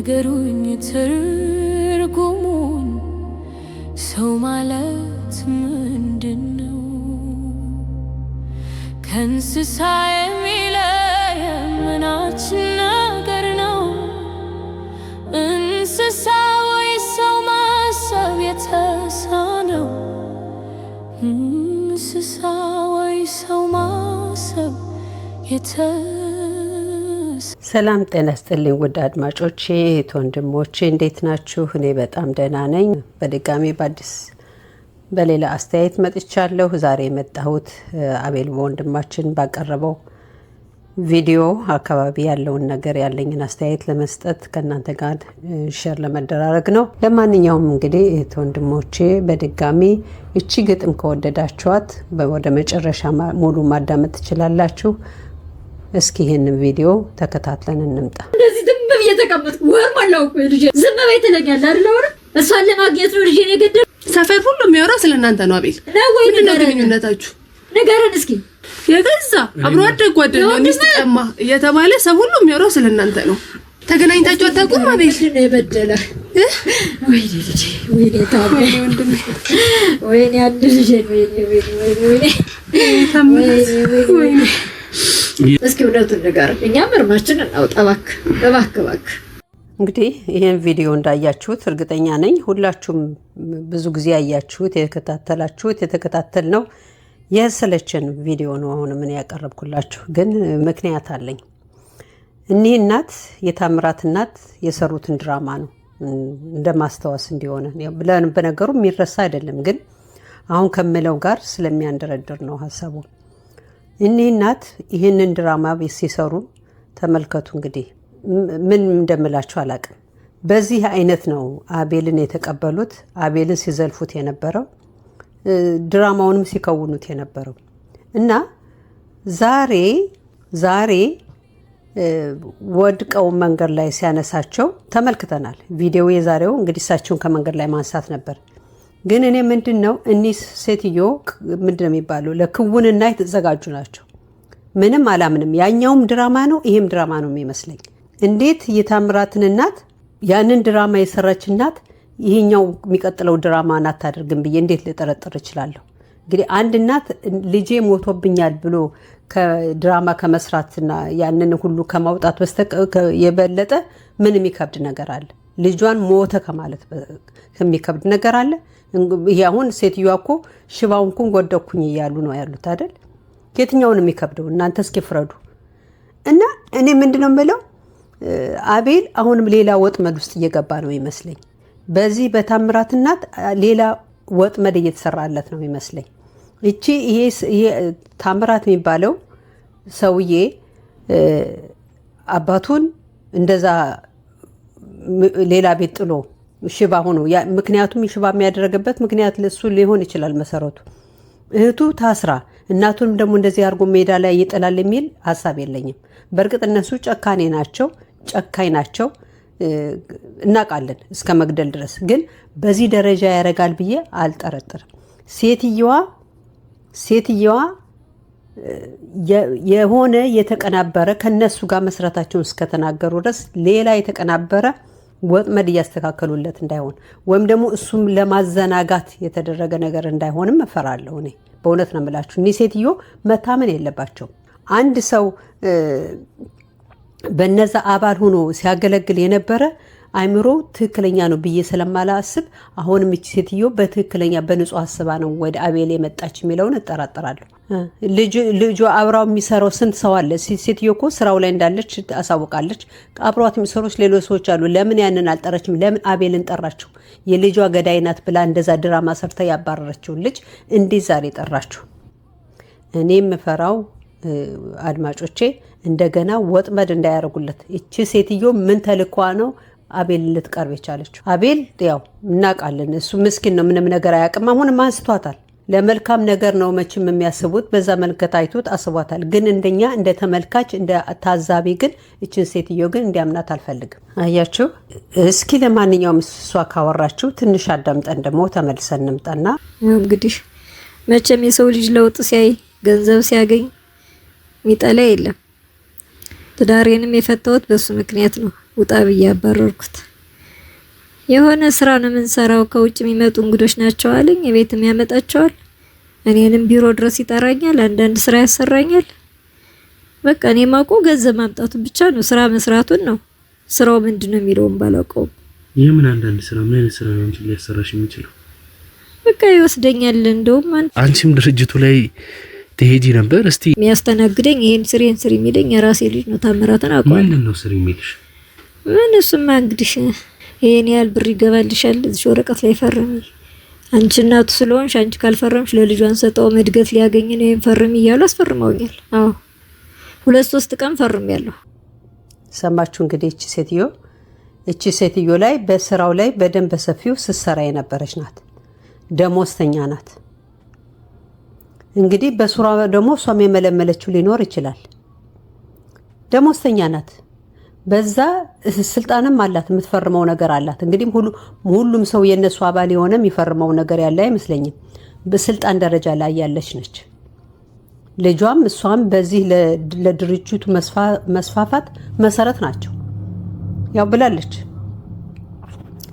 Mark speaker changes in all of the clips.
Speaker 1: ንገሩኝ ትርጉሙን ሰው ማለት ምንድን ነው? ከእንስሳ የሚለየን ምናችን ነገር ነው? እንስሳ ወይ ሰው ማሰብ የተሳነው? እንስሳ ወይ ሰው ማሰብ የተ
Speaker 2: ሰላም ጤና ስጥልኝ ውድ አድማጮቼ እህት ወንድሞቼ እንዴት ናችሁ? እኔ በጣም ደህና ነኝ። በድጋሚ በአዲስ በሌላ አስተያየት መጥቻለሁ። ዛሬ የመጣሁት አቤል ወንድማችን ባቀረበው ቪዲዮ አካባቢ ያለውን ነገር ያለኝን አስተያየት ለመስጠት ከእናንተ ጋር ሸር ለመደራረግ ነው። ለማንኛውም እንግዲህ እህት ወንድሞቼ በድጋሚ እቺ ግጥም ከወደዳችኋት ወደ መጨረሻ ሙሉ ማዳመጥ ትችላላችሁ። እስኪ ይህንን ቪዲዮ ተከታትለን እንምጣ።
Speaker 3: እንደዚህ ዝም ብዬ እየተቀመጥኩ ወር ሞላው እኮ ልጄ ዝም በይ ትለኛለህ አይደል? ወር እሷን ለማግኘት ነው ልጄ የገደል
Speaker 4: ሰፈር ሁሉ የሚያወራው ስለ እናንተ ነው። አቤል ወይ ነው ግንኙነታችሁ? ንገረን እስኪ። የገዛ አብሮ አደግ ጓደኛ ሚስት ቀማ እየተባለ ሰው ሁሉ የሚያወራው ስለ እናንተ ነው። ተገናኝታችሁ አታውቁም? አቤል
Speaker 3: ነው የበደለ ወይኔ ልጄ ወይኔ ታባ ወንድሜ ወይኔ አንድ ልጄ ወይኔ ወይኔ ወይኔ ወይኔ እስኪ እውነቱን ንገረን፣ እኛም እርማችን እናውጣ። እባክህ እባክህ እባክህ።
Speaker 2: እንግዲህ ይህን ቪዲዮ እንዳያችሁት እርግጠኛ ነኝ ሁላችሁም ብዙ ጊዜ ያያችሁት የተከታተላችሁት የተከታተል ነው የሰለችን ቪዲዮ ነው። አሁን ምን ያቀረብኩላችሁ ግን ምክንያት አለኝ። እኒህ እናት የታምራት እናት የሰሩትን ድራማ ነው እንደ ማስታወስ እንዲሆነ ብለን በነገሩ የሚረሳ አይደለም፣ ግን አሁን ከምለው ጋር ስለሚያንደረድር ነው ሀሳቡን እኒህ እናት ይህንን ድራማ ቤት ሲሰሩ ተመልከቱ። እንግዲህ ምን እንደምላቸው አላቅም። በዚህ አይነት ነው አቤልን የተቀበሉት፣ አቤልን ሲዘልፉት የነበረው ድራማውንም ሲከውኑት የነበረው እና ዛሬ ዛሬ ወድቀው መንገድ ላይ ሲያነሳቸው ተመልክተናል። ቪዲዮ የዛሬው እንግዲህ እሳቸውን ከመንገድ ላይ ማንሳት ነበር። ግን እኔ ምንድን ነው እኒህ ሴትዮ ምንድን ነው የሚባለው ለክውንና የተዘጋጁ ናቸው። ምንም አላምንም። ያኛውም ድራማ ነው፣ ይሄም ድራማ ነው የሚመስለኝ። እንዴት የታምራትን እናት ያንን ድራማ የሰራች እናት ይሄኛው የሚቀጥለው ድራማ አታደርግም ብዬ እንዴት ልጠረጥር እችላለሁ? እንግዲህ አንድ እናት ልጄ ሞቶብኛል ብሎ ከድራማ ከመስራትና ያንን ሁሉ ከማውጣት በስተቀር የበለጠ ምን የሚከብድ ነገር አለ? ልጇን ሞተ ከማለት የሚከብድ ነገር አለ? ይሄ አሁን ሴትዮዋ እኮ ሽባውን ኩን ጎደኩኝ እያሉ ነው ያሉት አይደል? የትኛውን የሚከብደው እናንተ እስኪ ፍረዱ። እና እኔ ምንድነው የምለው አቤል አሁንም ሌላ ወጥመድ ውስጥ እየገባ ነው ይመስለኝ። በዚህ በታምራት እናት ሌላ ወጥመድ እየተሰራለት ነው ይመስለኝ። እቺ ይሄ ታምራት የሚባለው ሰውዬ አባቱን እንደዛ ሌላ ቤት ጥሎ ሽባ ሆኖ ምክንያቱም ሽባ የሚያደረገበት ምክንያት ለሱ ሊሆን ይችላል መሰረቱ። እህቱ ታስራ እናቱንም ደግሞ እንደዚህ አድርጎ ሜዳ ላይ ይጥላል የሚል ሀሳብ የለኝም። በእርግጥ እነሱ ጨካኔ ናቸው፣ ጨካኝ ናቸው እናውቃለን፣ እስከ መግደል ድረስ ግን በዚህ ደረጃ ያደርጋል ብዬ አልጠረጥርም። ሴትየዋ ሴትየዋ የሆነ የተቀናበረ ከነሱ ጋር መስራታቸውን እስከተናገሩ ድረስ ሌላ የተቀናበረ ወጥመድ እያስተካከሉለት እንዳይሆን ወይም ደግሞ እሱም ለማዘናጋት የተደረገ ነገር እንዳይሆንም እፈራለሁ። እኔ በእውነት ነው የምላችሁ። እኒህ ሴትዮ መታመን የለባቸው። አንድ ሰው በነዛ አባል ሆኖ ሲያገለግል የነበረ አይምሮ ትክክለኛ ነው ብዬ ስለማላስብ አሁንም ይቺ ሴትዮ በትክክለኛ በንጹህ አስባ ነው ወደ አቤል የመጣች የሚለውን እጠራጠራለሁ። ልጁ አብራው የሚሰራው ስንት ሰው አለ? ሴትዮ እኮ ስራው ላይ እንዳለች አሳውቃለች። አብሯት የሚሰሩች ሌሎች ሰዎች አሉ። ለምን ያንን አልጠረችም? ለምን አቤልን ጠራችው? የልጇ ገዳይ ናት ብላ እንደዛ ድራማ ሰርተ ያባረረችውን ልጅ እንዴት ዛሬ ጠራችሁ? እኔ የምፈራው አድማጮቼ እንደገና ወጥመድ እንዳያደርጉለት። እቺ ሴትዮ ምን ተልኳ ነው አቤል ልትቀርብ የቻለችው። አቤል ያው እናውቃለን፣ እሱ ምስኪን ነው፣ ምንም ነገር አያውቅም። አሁንም አንስቷታል። ለመልካም ነገር ነው መቼም የሚያስቡት። በዛ መልከት አይቶት አስቧታል። ግን እንደኛ እንደ ተመልካች እንደ ታዛቢ ግን እችን ሴትዮ ግን እንዲያምናት አልፈልግም። አያችሁ። እስኪ ለማንኛውም እሷ ካወራችሁ ትንሽ አዳምጠን ደግሞ ተመልሰን እንምጣና
Speaker 3: እንግዲህ መቼም የሰው ልጅ ለውጥ ሲያይ ገንዘብ ሲያገኝ ሚጠላ የለም። ትዳሬንም የፈታሁት በሱ ምክንያት ነው። ውጣ ብዬ አባረርኩት። የሆነ ስራ ነው የምንሰራው፣ ከውጭ የሚመጡ እንግዶች ናቸው አለኝ። የቤትም ያመጣቸዋል፣ እኔንም ቢሮ ድረስ ይጠራኛል፣ አንዳንድ ስራ ያሰራኛል። በቃ እኔ ማቆ ገንዘብ ማምጣቱን ብቻ ነው፣ ስራ መስራቱን ነው። ስራው ምንድን ነው የሚለውን ባላውቀውም
Speaker 5: የምን አንዳንድ ስራ ምን አይነት ስራ ነው እንጂ ሊያሰራሽ የሚችለው
Speaker 3: በቃ ይወስደኛል። እንደውም
Speaker 5: አንቺም ድርጅቱ ላይ ትሄጂ ነበር። እስቲ
Speaker 3: የሚያስተናግደኝ ይሄን ስሬን ስሪ የሚለኝ የራሴ ልጅ ነው። ታምራትን
Speaker 5: አውቀዋለሁ። ምንድን ነው ስሪ የሚልሽ?
Speaker 3: ምን እሱማ እንግዲህ ይሄን ያህል ብር ይገባልሻል፣ እዚህ ወረቀት ላይ ፈርሚ። አንቺ እናቱ ስለሆንሽ አንቺ ካልፈረምሽ ለልጇን አንሰጠውም፣ እድገት ሊያገኝ ነው፣ ይሄን ፈርሚ እያሉ አስፈርመውኛል። አዎ ሁለት ሶስት ቀን ፈርም ያለው
Speaker 2: ሰማችሁ እንግዲህ እቺ ሴትዮ እቺ ሴትዮ ላይ በስራው ላይ በደንብ በሰፊው ስትሰራ የነበረች ናት። ደሞዝተኛ ናት። እንግዲህ በሱራ ደግሞ እሷም የመለመለችው ሊኖር ይችላል። ደሞዝተኛ ናት። በዛ ስልጣንም አላት የምትፈርመው ነገር አላት። እንግዲህ ሁሉም ሰው የእነሱ አባል የሆነ የሚፈርመው ነገር ያለ አይመስለኝም። በስልጣን ደረጃ ላይ ያለች ነች። ልጇም እሷም በዚህ ለድርጅቱ መስፋፋት መሰረት ናቸው። ያው ብላለች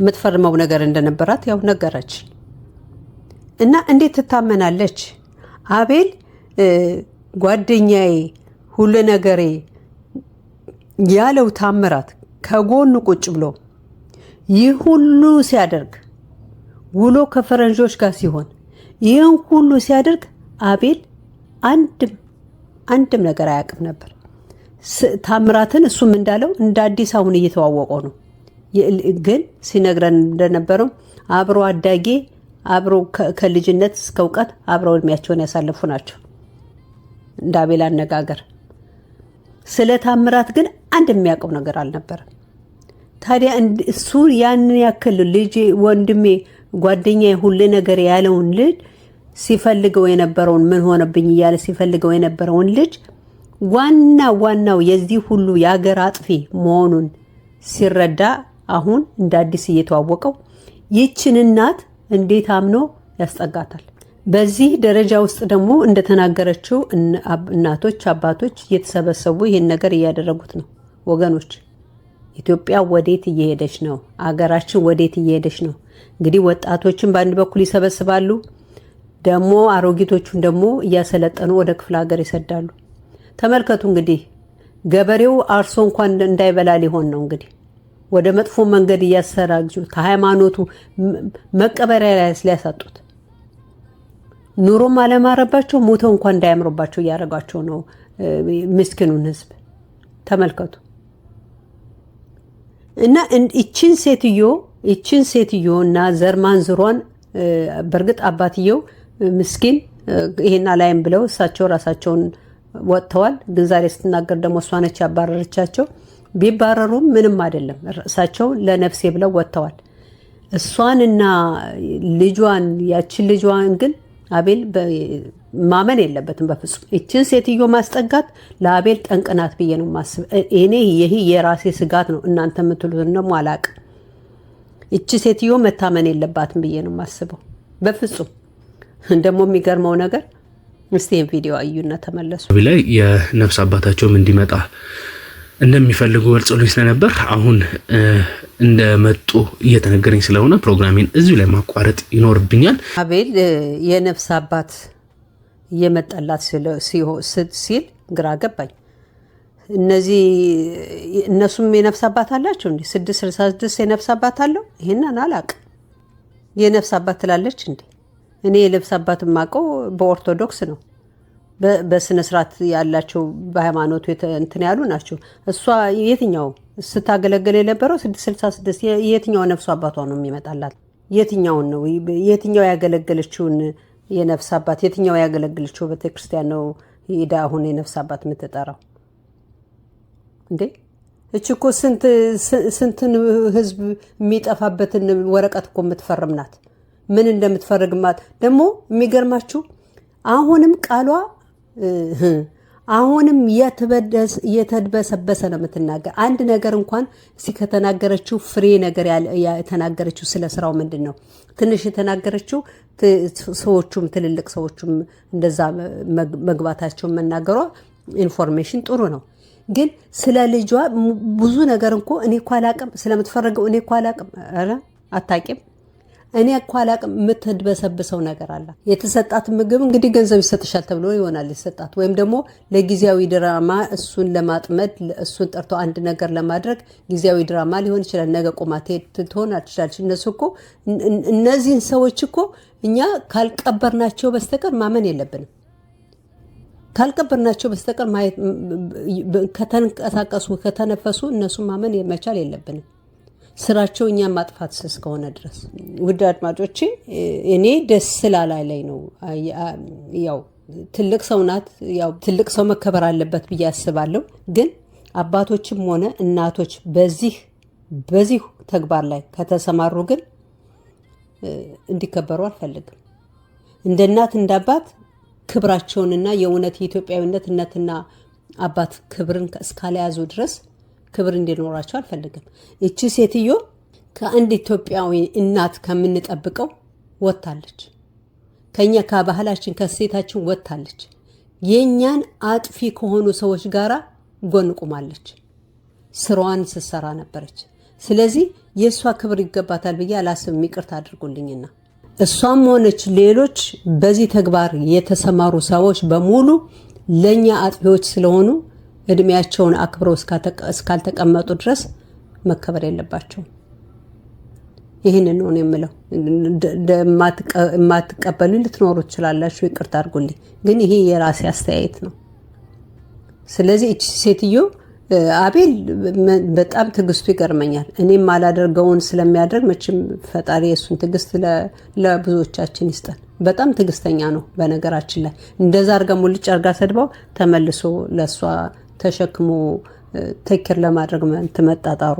Speaker 2: የምትፈርመው ነገር እንደነበራት ያው ነገረች። እና እንዴት ትታመናለች? አቤል ጓደኛዬ፣ ሁሉ ነገሬ ያለው ታምራት ከጎኑ ቁጭ ብሎ ይህ ሁሉ ሲያደርግ ውሎ ከፈረንጆች ጋር ሲሆን ይህን ሁሉ ሲያደርግ አቤል አንድም አንድም ነገር አያውቅም ነበር። ታምራትን እሱም እንዳለው እንደ አዲስ አሁን እየተዋወቀው ነው። ግን ሲነግረን እንደነበረው አብሮ አዳጌ አብሮ ከልጅነት እስከ እውቀት አብረው እድሜያቸውን ያሳለፉ ናቸው። እንደ አቤል አነጋገር ስለ ታምራት ግን አንድ የሚያውቀው ነገር አልነበረም። ታዲያ እሱ ያንን ያክል ልጅ ወንድሜ፣ ጓደኛ ሁሉ ነገር ያለውን ልጅ ሲፈልገው የነበረውን ምን ሆነብኝ እያለ ሲፈልገው የነበረውን ልጅ ዋና ዋናው የዚህ ሁሉ የሀገር አጥፊ መሆኑን ሲረዳ አሁን እንደ አዲስ እየተዋወቀው ይችን እናት እንዴት አምኖ ያስጠጋታል? በዚህ ደረጃ ውስጥ ደግሞ እንደተናገረችው እናቶች፣ አባቶች እየተሰበሰቡ ይህን ነገር እያደረጉት ነው። ወገኖች ኢትዮጵያ ወዴት እየሄደች ነው? አገራችን ወዴት እየሄደች ነው? እንግዲህ ወጣቶችን በአንድ በኩል ይሰበስባሉ፣ ደግሞ አሮጊቶቹን ደግሞ እያሰለጠኑ ወደ ክፍለ ሀገር ይሰዳሉ። ተመልከቱ እንግዲህ ገበሬው አርሶ እንኳን እንዳይበላ ሊሆን ነው እንግዲህ ወደ መጥፎ መንገድ እያሰራጁ ከሃይማኖቱ መቀበሪያ ሊያሳጡት ኑሮም አለማረባቸው ሞተው እንኳን እንዳያምሩባቸው እያደረጓቸው ነው ምስኪኑን ህዝብ ተመልከቱ። እና ይችን ሴትዮ ይችን ሴትዮ እና ዘርማን ዝሯን በእርግጥ አባትየው ምስኪን ይሄና ላይም ብለው እሳቸው ራሳቸውን ወጥተዋል። ግን ዛሬ ስትናገር ደግሞ እሷ ነች ያባረረቻቸው። ቢባረሩም ምንም አይደለም። እሳቸው ለነፍሴ ብለው ወጥተዋል። እሷንና ልጇን ያችን ልጇን ግን አቤል ማመን የለበትም በፍጹም። ይችን ሴትዮ ማስጠጋት ለአቤል ጠንቅናት ብዬ ነው ማስብ። እኔ ይህ የራሴ ስጋት ነው። እናንተ የምትሉትን ደግሞ አላቅም። ይቺ ሴትዮ መታመን የለባትም ብዬ ነው ማስበው በፍጹም። ደግሞ የሚገርመው ነገር ምስቴን ቪዲዮ አዩና ተመለሱ።
Speaker 5: ላይ የነፍስ አባታቸውም እንዲመጣ እንደሚፈልጉ ገልጸውልኝ ስለነበር አሁን እንደመጡ እየተነገረኝ ስለሆነ ፕሮግራሜን እዚሁ ላይ ማቋረጥ ይኖርብኛል።
Speaker 2: አቤል የነፍስ አባት እየመጣላት ሲል ግራ ገባኝ። እነዚህ እነሱም የነፍስ አባት አላቸው እንዴ? ስድስት ስልሳ ስድስት የነፍስ አባት አለው። ይህንን አላቅም። የነፍስ አባት ትላለች እንዴ? እኔ የነፍስ አባት የማውቀው በኦርቶዶክስ ነው። በስነ ስርዓት ያላቸው በሃይማኖቱ እንትን ያሉ ናቸው። እሷ የትኛው ስታገለገል የነበረው ስድስት ስልሳ ስድስት የትኛው ነፍሱ አባቷ ነው የሚመጣላት? የትኛውን ነው የትኛው ያገለገለችውን የነፍስ አባት የትኛው ያገለግልችው ቤተክርስቲያን ነው ሄዳ አሁን የነፍስ አባት የምትጠራው እንዴ? እች እኮ ስንትን ህዝብ የሚጠፋበትን ወረቀት እኮ የምትፈርም ናት። ምን እንደምትፈርግማት ደግሞ የሚገርማችሁ አሁንም ቃሏ አሁንም የተድበሰበሰ ነው የምትናገር። አንድ ነገር እንኳን እስኪ ከተናገረችው ፍሬ ነገር የተናገረችው ስለ ስራው ምንድን ነው? ትንሽ የተናገረችው ሰዎቹም ትልልቅ ሰዎቹም እንደዛ መግባታቸውን መናገሯ ኢንፎርሜሽን ጥሩ ነው። ግን ስለ ልጇ ብዙ ነገር እኮ እኔ እኮ አላቅም፣ ስለምትፈረገው እኔ እኮ አላቅም። ኧረ አታቂም እኔ እኮ አላቅም። የምትድበሰብሰው ነገር አለ። የተሰጣት ምግብ እንግዲህ ገንዘብ ይሰጥሻል ተብሎ ይሆናል የተሰጣት፣ ወይም ደግሞ ለጊዜያዊ ድራማ እሱን ለማጥመድ እሱን ጠርቶ አንድ ነገር ለማድረግ ጊዜያዊ ድራማ ሊሆን ይችላል። ነገ ቁማ ትሆን አትችላለች። እነሱ እኮ እነዚህን ሰዎች እኮ እኛ ካልቀበርናቸው በስተቀር ማመን የለብንም ካልቀበርናቸው በስተቀር ከተንቀሳቀሱ ከተነፈሱ እነሱ ማመን መቻል የለብንም። ስራቸው እኛን ማጥፋት እስከሆነ ድረስ ውድ አድማጮቼ፣ እኔ ደስ ላይ ነው። ያው ትልቅ ሰው ናት፣ ያው ትልቅ ሰው መከበር አለበት ብዬ አስባለሁ። ግን አባቶችም ሆነ እናቶች በዚህ በዚሁ ተግባር ላይ ከተሰማሩ ግን እንዲከበሩ አልፈልግም። እንደ እናት እንደ አባት ክብራቸውንና የእውነት የኢትዮጵያዊነት እናትና አባት ክብርን እስካለያዙ ድረስ ክብር እንዲኖራቸው አልፈልግም። ይቺ ሴትዮ ከአንድ ኢትዮጵያዊ እናት ከምንጠብቀው ወጥታለች። ከኛ ከባህላችን ከሴታችን ወጥታለች። የእኛን አጥፊ ከሆኑ ሰዎች ጋር ጎን ቁማለች። ስራዋን ስትሰራ ነበረች። ስለዚህ የእሷ ክብር ይገባታል ብዬ አላስብም። ይቅርታ አድርጉልኝና እሷም ሆነች ሌሎች በዚህ ተግባር የተሰማሩ ሰዎች በሙሉ ለእኛ አጥፊዎች ስለሆኑ እድሜያቸውን አክብረው እስካልተቀመጡ ድረስ መከበር የለባቸውም። ይህንን ነው የምለው። የማትቀበሉ ልትኖሩ ትችላላችሁ፣ ይቅርታ አድርጉልኝ። ግን ይሄ የራሴ አስተያየት ነው። ስለዚህ እቺ ሴትዮ አቤል በጣም ትዕግስቱ ይገርመኛል። እኔም አላደርገውን ስለሚያደርግ መቼም ፈጣሪ የእሱን ትዕግስት ለብዙዎቻችን ይስጠን። በጣም ትዕግስተኛ ነው። በነገራችን ላይ እንደዛ አድርጋ ሙልጭ አድርጋ ሰድባው ተመልሶ ለእሷ ተሸክሞ ተክር ለማድረግ ትመጣጣሩ።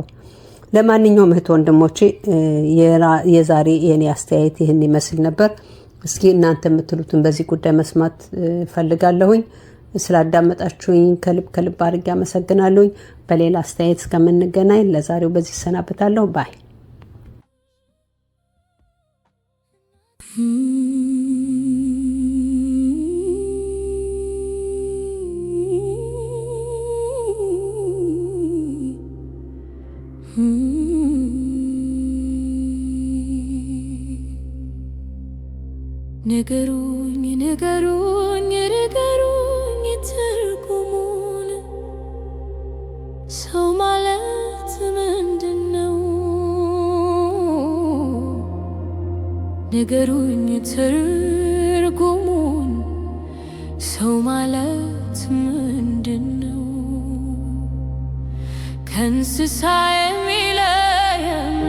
Speaker 2: ለማንኛውም እህት ወንድሞቼ የዛሬ የኔ አስተያየት ይህን ይመስል ነበር። እስኪ እናንተ የምትሉትን በዚህ ጉዳይ መስማት ፈልጋለሁኝ። ስላዳመጣችሁኝ ከልብ ከልብ አድርጌ አመሰግናለሁኝ። በሌላ አስተያየት እስከምንገናኝ ለዛሬው በዚህ ሰናበታለሁ ባይ ንገሩኝ ንገሩኝ ንገሩኝ ትርጉሙን ሰው ማለት ምንድን ነው? ንገሩኝ ትርጉሙን ሰው ማለት ምንድን ነው? ከእንስሳ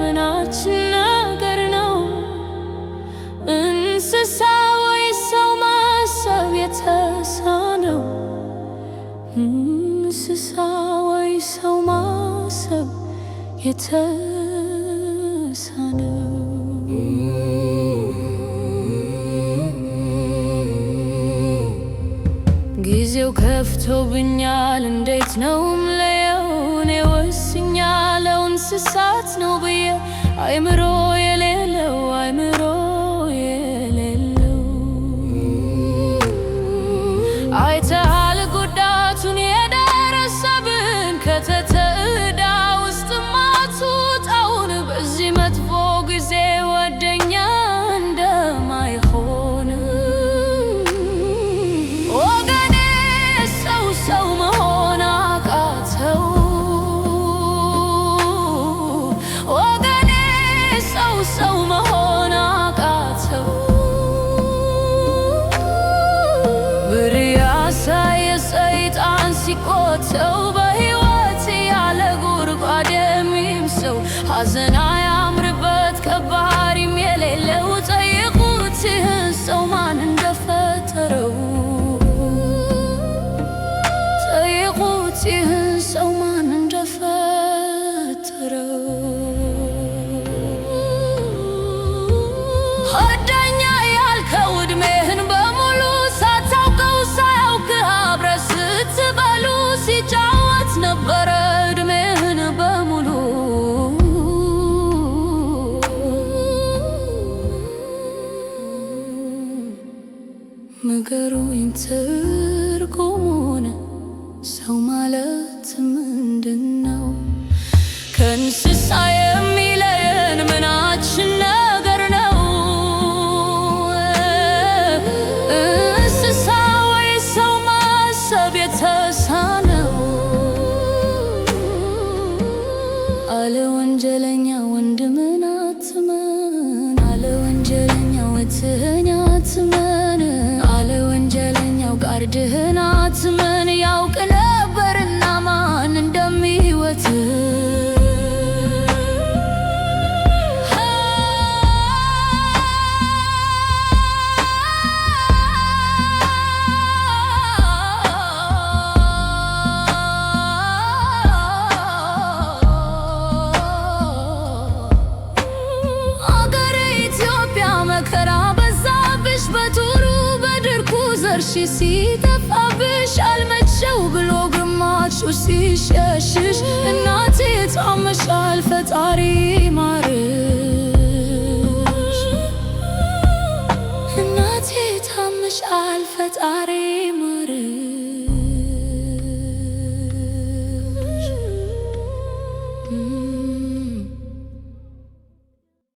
Speaker 2: የዘመናችን ነገር ነው። እንስሳ ወይ ሰው ማሰብ የተሳነው እንስሳ ወይ ሰው ማሰብ የተሳነው ጊዜው ከፍቶብኛል እንዴት ነው አይምሮ የሌለው አይምሮ የሌለው አይተሃል ሰይጣን ሲቆተው በሕይወት ያለ
Speaker 1: ሐዘና አለ ወንጀለኛ ወንድምን አትመን፣ አለ ወንጀለኛው እህትህን አትመን፣ አለ ወንጀለኛው ቃርድህን አትመን። ሲሸሽ ሲጠፋብሽ አልመቸው ብሎ ግማቹ ሲሸሽሽ እናቴ ታመሻል ፈጣሪ ማር